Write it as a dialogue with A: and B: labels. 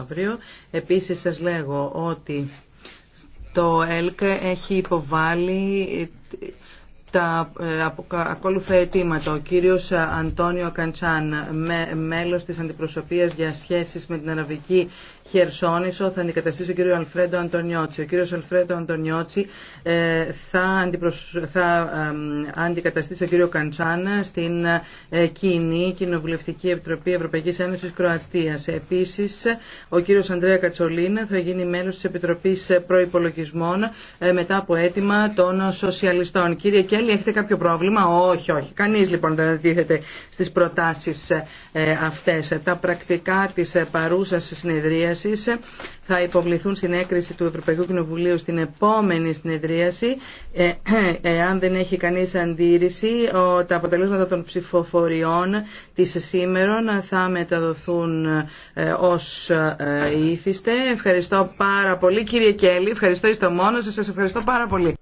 A: αύριο. Επίσης σας λέγω ότι το ΕΛΚ έχει υποβάλει τα ε, ακόλουθα αιτήματα. Ο κύριος Αντώνιο Καντσάν, μέλος της Αντιπροσωπείας για σχέσεις με την Αραβική Χερσόνησο, θα αντικαταστήσει ο κύριος Αλφρέντο Αντωνιώτσι. Ο κύριος Αλφρέντο Αντωνιώτσι ε, θα, αντιπροσ... θα αντικαταστήσει ο κύριο Καντσάν στην ε, κοινή Κοινοβουλευτική Επιτροπή Ευρωπαϊκής Ένωσης Κροατίας. Επίσης, ο κύριος Ανδρέα Κατσολίνα θα γίνει μέλος της Επιτροπής Προϋπολογισμών μετά από αίτημα των Σοσιαλιστών. Κύριε έχετε κάποιο πρόβλημα. Όχι, όχι. Κανείς λοιπόν δεν αντίθεται στις προτάσεις ε, αυτές. Τα πρακτικά της ε, παρούσας συνεδρίασης ε, θα υποβληθούν στην έκριση του Ευρωπαϊκού Κοινοβουλίου στην επόμενη συνεδρίαση. Αν δεν έχει κανείς αντίρρηση, τα αποτελέσματα των ψηφοφοριών τη σήμερα θα μεταδοθούν ως ήθιστε. Ευχαριστώ πάρα πολύ κύριε Κέλλη. Ευχαριστώ εις το μόνο σα Σας ευχαριστώ πάρα πολύ.